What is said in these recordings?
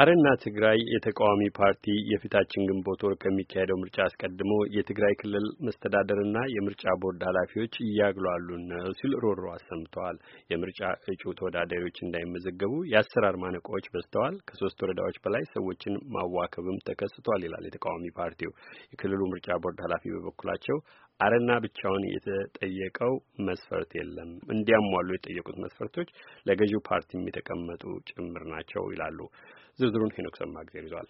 አረና ትግራይ የተቃዋሚ ፓርቲ የፊታችን ግንቦት ወር ከሚካሄደው ምርጫ አስቀድሞ የትግራይ ክልል መስተዳደርና የምርጫ ቦርድ ኃላፊዎች እያግሏሉ ነው ሲል ሮሮ አሰምተዋል። የምርጫ እጩ ተወዳዳሪዎች እንዳይመዘገቡ የአሰራር ማነቆዎች በዝተዋል፣ ከሶስት ወረዳዎች በላይ ሰዎችን ማዋከብም ተከስቷል ይላል የተቃዋሚ ፓርቲው። የክልሉ ምርጫ ቦርድ ኃላፊ በበኩላቸው አረና ብቻውን የተጠየቀው መስፈርት የለም፣ እንዲያሟሉ የተጠየቁት መስፈርቶች ለገዢው ፓርቲ የተቀመጡ ጭምር ናቸው ይላሉ። ዝርዝሩን ሄኖክ ሰማእግዜር ይዟል።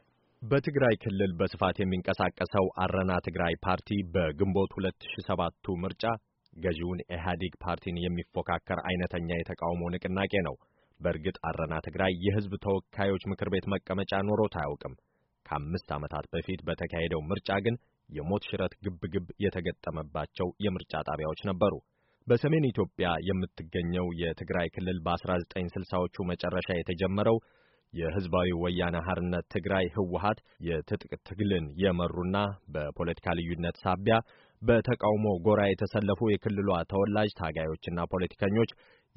በትግራይ ክልል በስፋት የሚንቀሳቀሰው አረና ትግራይ ፓርቲ በግንቦት 2007ቱ ምርጫ ገዢውን ኢህአዴግ ፓርቲን የሚፎካከር አይነተኛ የተቃውሞ ንቅናቄ ነው። በእርግጥ አረና ትግራይ የህዝብ ተወካዮች ምክር ቤት መቀመጫ ኖሮት አያውቅም። ከአምስት ዓመታት በፊት በተካሄደው ምርጫ ግን የሞት ሽረት ግብግብ የተገጠመባቸው የምርጫ ጣቢያዎች ነበሩ። በሰሜን ኢትዮጵያ የምትገኘው የትግራይ ክልል በ1960ዎቹ መጨረሻ የተጀመረው የህዝባዊ ወያነ ሐርነት ትግራይ ህወሀት የትጥቅ ትግልን የመሩና በፖለቲካ ልዩነት ሳቢያ በተቃውሞ ጎራ የተሰለፉ የክልሏ ተወላጅ ታጋዮችና ፖለቲከኞች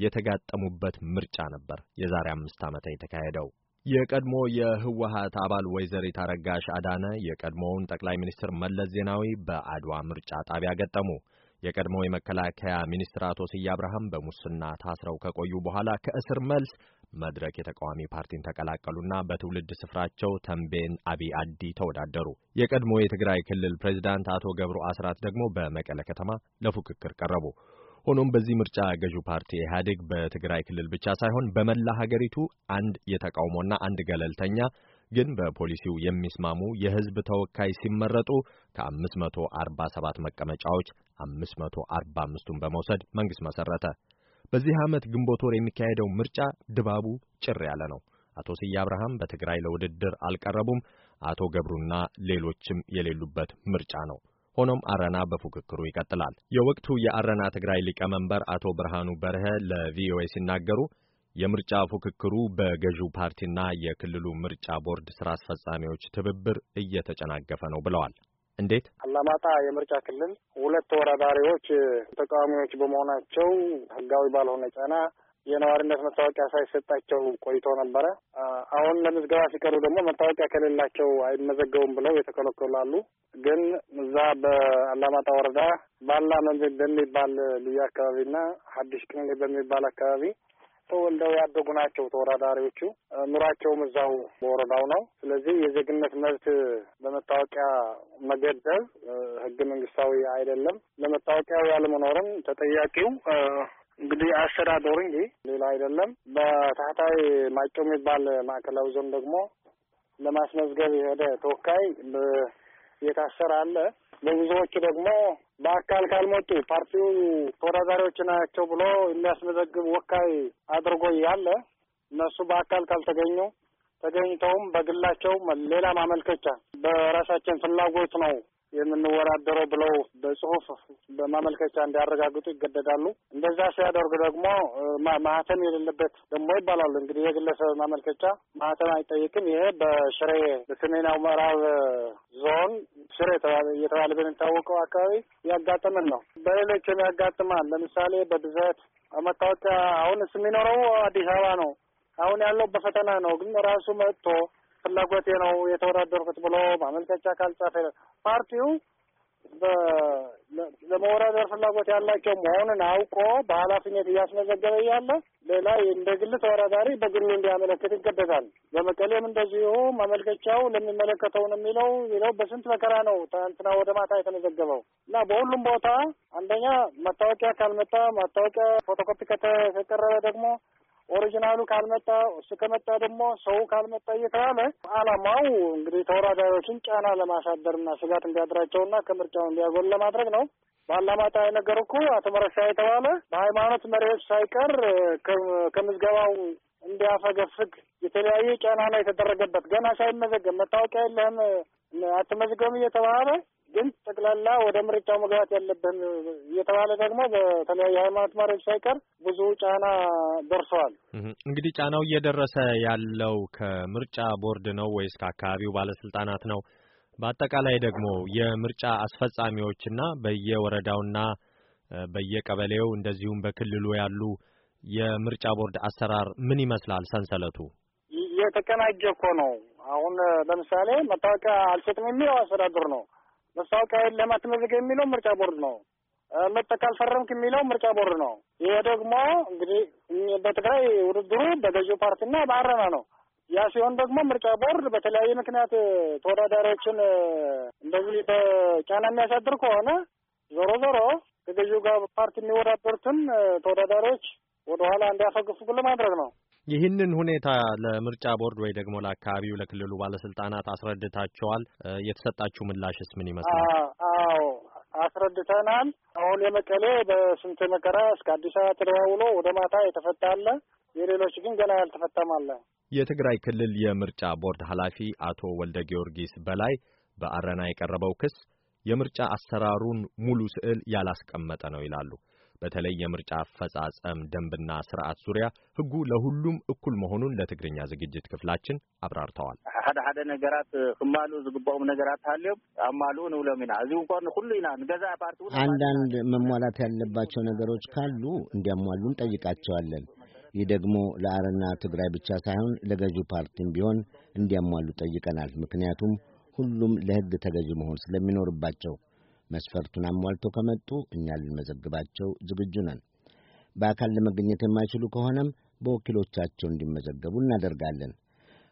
የተጋጠሙበት ምርጫ ነበር የዛሬ አምስት ዓመት የተካሄደው። የቀድሞ የህወሀት አባል ወይዘሪት አረጋሽ አዳነ የቀድሞውን ጠቅላይ ሚኒስትር መለስ ዜናዊ በአድዋ ምርጫ ጣቢያ ገጠሙ። የቀድሞ የመከላከያ ሚኒስትር አቶ ስዬ አብርሃም በሙስና ታስረው ከቆዩ በኋላ ከእስር መልስ መድረክ የተቃዋሚ ፓርቲን ተቀላቀሉና በትውልድ ስፍራቸው ተንቤን አቢ አዲ ተወዳደሩ። የቀድሞ የትግራይ ክልል ፕሬዚዳንት አቶ ገብሩ አስራት ደግሞ በመቀለ ከተማ ለፉክክር ቀረቡ። ሆኖም በዚህ ምርጫ ገዢው ፓርቲ ኢህአዴግ በትግራይ ክልል ብቻ ሳይሆን በመላ ሀገሪቱ አንድ የተቃውሞና አንድ ገለልተኛ ግን በፖሊሲው የሚስማሙ የህዝብ ተወካይ ሲመረጡ ከ547 መቀመጫዎች 545ቱን በመውሰድ መንግስት መሰረተ። በዚህ ዓመት ግንቦት ወር የሚካሄደው ምርጫ ድባቡ ጭር ያለ ነው። አቶ ስዬ አብርሃም በትግራይ ለውድድር አልቀረቡም። አቶ ገብሩና ሌሎችም የሌሉበት ምርጫ ነው። ሆኖም አረና በፉክክሩ ይቀጥላል። የወቅቱ የአረና ትግራይ ሊቀመንበር አቶ ብርሃኑ በርሀ ለቪኦኤ ሲናገሩ የምርጫ ፉክክሩ በገዢው ፓርቲና የክልሉ ምርጫ ቦርድ ስራ አስፈጻሚዎች ትብብር እየተጨናገፈ ነው ብለዋል። እንዴት? አላማጣ የምርጫ ክልል ሁለት ተወዳዳሪዎች ተቃዋሚዎች በመሆናቸው ህጋዊ ባልሆነ ጫና የነዋሪነት መታወቂያ ሳይሰጣቸው ቆይቶ ነበረ። አሁን ለምዝገባ ሲቀርቡ ደግሞ መታወቂያ ከሌላቸው አይመዘገቡም ብለው የተከለከሉ አሉ። ግን እዛ በአላማጣ ወረዳ ባላ መንዝል በሚባል ልዩ አካባቢና ሀዲሽ ቅንሌ በሚባል አካባቢ ተወልደው ያደጉ ናቸው። ተወዳዳሪዎቹ ኑሯቸውም እዛው በወረዳው ነው። ስለዚህ የዜግነት መብት በመታወቂያ መገደብ ህገ መንግስታዊ አይደለም። ለመታወቂያው ያለመኖርም ተጠያቂው እንግዲህ አስተዳደሩ እንጂ ሌላ አይደለም። በታህታይ ማጮ የሚባል ማዕከላዊ ዞን ደግሞ ለማስመዝገብ የሄደ ተወካይ የታሰረ አለ። ለብዙዎቹ ደግሞ በአካል ካልመጡ ፓርቲው ተወዳዳሪዎች ናቸው ብሎ የሚያስመዘግብ ወካይ አድርጎ ያለ እነሱ በአካል ካልተገኙ ተገኝተውም በግላቸው ሌላ ማመልከቻ በራሳችን ፍላጎት ነው የምንወዳደረው ብለው በጽሁፍ በማመልከቻ እንዲያረጋግጡ ይገደዳሉ። እንደዛ ሲያደርጉ ደግሞ ማህተም የሌለበት ደግሞ ይባላሉ። እንግዲህ የግለሰብ ማመልከቻ ማህተም አይጠይቅም። ይሄ በሽሬ በሰሜናዊ ምዕራብ ዞን ሽሬ እየተባለ በሚታወቀው አካባቢ ያጋጠምን ነው። በሌሎችም ያጋጥማል። ለምሳሌ በብዛት መታወቂያ አሁን የሚኖረው አዲስ አበባ ነው። አሁን ያለው በፈተና ነው። ግን ራሱ መጥቶ ፍላጎቴ ነው የተወዳደርኩት ብሎ ማመልከቻ ካልጻፈ ፓርቲው ለመወዳደር ፍላጎት ያላቸው መሆኑን አውቆ በኃላፊነት እያስመዘገበ እያለ ሌላ እንደ ግል ተወዳዳሪ በግሉ እንዲያመለክት ይገደዳል። በመቀሌም እንደዚሁ ማመልከቻው ለሚመለከተው ነው የሚለው ሌላው በስንት መከራ ነው ትናንትና ወደ ማታ የተመዘገበው እና በሁሉም ቦታ አንደኛ መታወቂያ ካልመጣ ማታወቂያ ፎቶኮፒ ከተቀረበ ደግሞ ኦሪጂናሉ ካልመጣ እሱ ከመጣ ደግሞ ሰው ካልመጣ እየተባለ አላማው እንግዲህ ተወዳዳሪዎችን ጫና ለማሳደርና ስጋት እንዲያድራቸውና ከምርጫው እንዲያጎል ለማድረግ ነው። ባላማጣ የነገር እኮ አቶ መረሻ የተባለ በሃይማኖት መሪዎች ሳይቀር ከምዝገባው እንዲያፈገፍግ የተለያዩ ጫና ነው የተደረገበት። ገና ሳይመዘገብ መታወቂያ የለህም አትመዝገም እየተባለ ግን ጠቅላላ ወደ ምርጫው መግባት ያለብን እየተባለ ደግሞ በተለያዩ ሃይማኖት መሪዎች ሳይቀር ብዙ ጫና ደርሰዋል። እንግዲህ ጫናው እየደረሰ ያለው ከምርጫ ቦርድ ነው ወይስ ከአካባቢው ባለስልጣናት ነው? በአጠቃላይ ደግሞ የምርጫ አስፈጻሚዎችና በየወረዳውና በየቀበሌው እንደዚሁም በክልሉ ያሉ የምርጫ ቦርድ አሰራር ምን ይመስላል? ሰንሰለቱ የተቀናጀ እኮ ነው። አሁን ለምሳሌ መታወቂያ አልሰጥም የሚለው አስተዳድር ነው። መታወቂያውን ለማትመዝግ የሚለው ምርጫ ቦርድ ነው። መጠቅ አልፈረምክ የሚለው ምርጫ ቦርድ ነው። ይሄ ደግሞ እንግዲህ በትግራይ ውድድሩ በገዢው ፓርቲና በአረና ነው። ያ ሲሆን ደግሞ ምርጫ ቦርድ በተለያየ ምክንያት ተወዳዳሪዎችን እንደዚህ በጫና የሚያሳድር ከሆነ ዞሮ ዞሮ ከገዢው ጋር ፓርቲ የሚወዳደሩትን ተወዳዳሪዎች ወደኋላ እንዲያፈግፉ ለማድረግ ነው። ይህንን ሁኔታ ለምርጫ ቦርድ ወይ ደግሞ ለአካባቢው ለክልሉ ባለስልጣናት አስረድታቸዋል? የተሰጣችሁ ምላሽስ ምን ይመስላል? አዎ አስረድተናል። አሁን የመቀሌ በስንት መከራ እስከ አዲስ አበባ ተደዋውሎ ወደ ማታ የተፈታ አለ፣ የሌሎች ግን ገና ያልተፈታም አለ። የትግራይ ክልል የምርጫ ቦርድ ኃላፊ አቶ ወልደ ጊዮርጊስ በላይ በአረና የቀረበው ክስ የምርጫ አሰራሩን ሙሉ ስዕል ያላስቀመጠ ነው ይላሉ። በተለይ የምርጫ አፈጻጸም ደንብና ስርዓት ዙሪያ ህጉ ለሁሉም እኩል መሆኑን ለትግርኛ ዝግጅት ክፍላችን አብራርተዋል። ሓደ ሓደ ነገራት ክማልኡ ዝግበኦም ነገራት ሃልዮም ኣማልኡ ንብሎም ኢና እዚ እንኳ ንኩሉ ኢና ንገዛ ፓርቲ አንዳንድ መሟላት ያለባቸው ነገሮች ካሉ እንዲያሟሉ እንጠይቃቸዋለን። ይህ ደግሞ ለአረና ትግራይ ብቻ ሳይሆን ለገዢው ፓርቲም ቢሆን እንዲያሟሉ ጠይቀናል። ምክንያቱም ሁሉም ለህግ ተገዢ መሆን ስለሚኖርባቸው መስፈርቱን አሟልተው ከመጡ እኛ ልንመዘግባቸው ዝግጁ ነን። በአካል ለመገኘት የማይችሉ ከሆነም በወኪሎቻቸው እንዲመዘገቡ እናደርጋለን።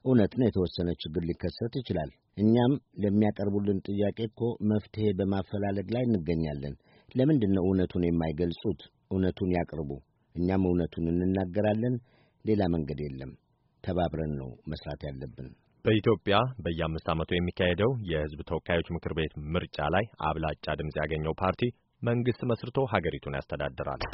እውነት ነው፣ የተወሰነ ችግር ሊከሰት ይችላል። እኛም ለሚያቀርቡልን ጥያቄ እኮ መፍትሔ በማፈላለግ ላይ እንገኛለን። ለምንድን ነው እውነቱን የማይገልጹት? እውነቱን ያቅርቡ፣ እኛም እውነቱን እንናገራለን። ሌላ መንገድ የለም። ተባብረን ነው መስራት ያለብን። በኢትዮጵያ በየአምስት ዓመቱ የሚካሄደው የሕዝብ ተወካዮች ምክር ቤት ምርጫ ላይ አብላጫ ድምፅ ያገኘው ፓርቲ መንግስት መስርቶ ሀገሪቱን ያስተዳድራል።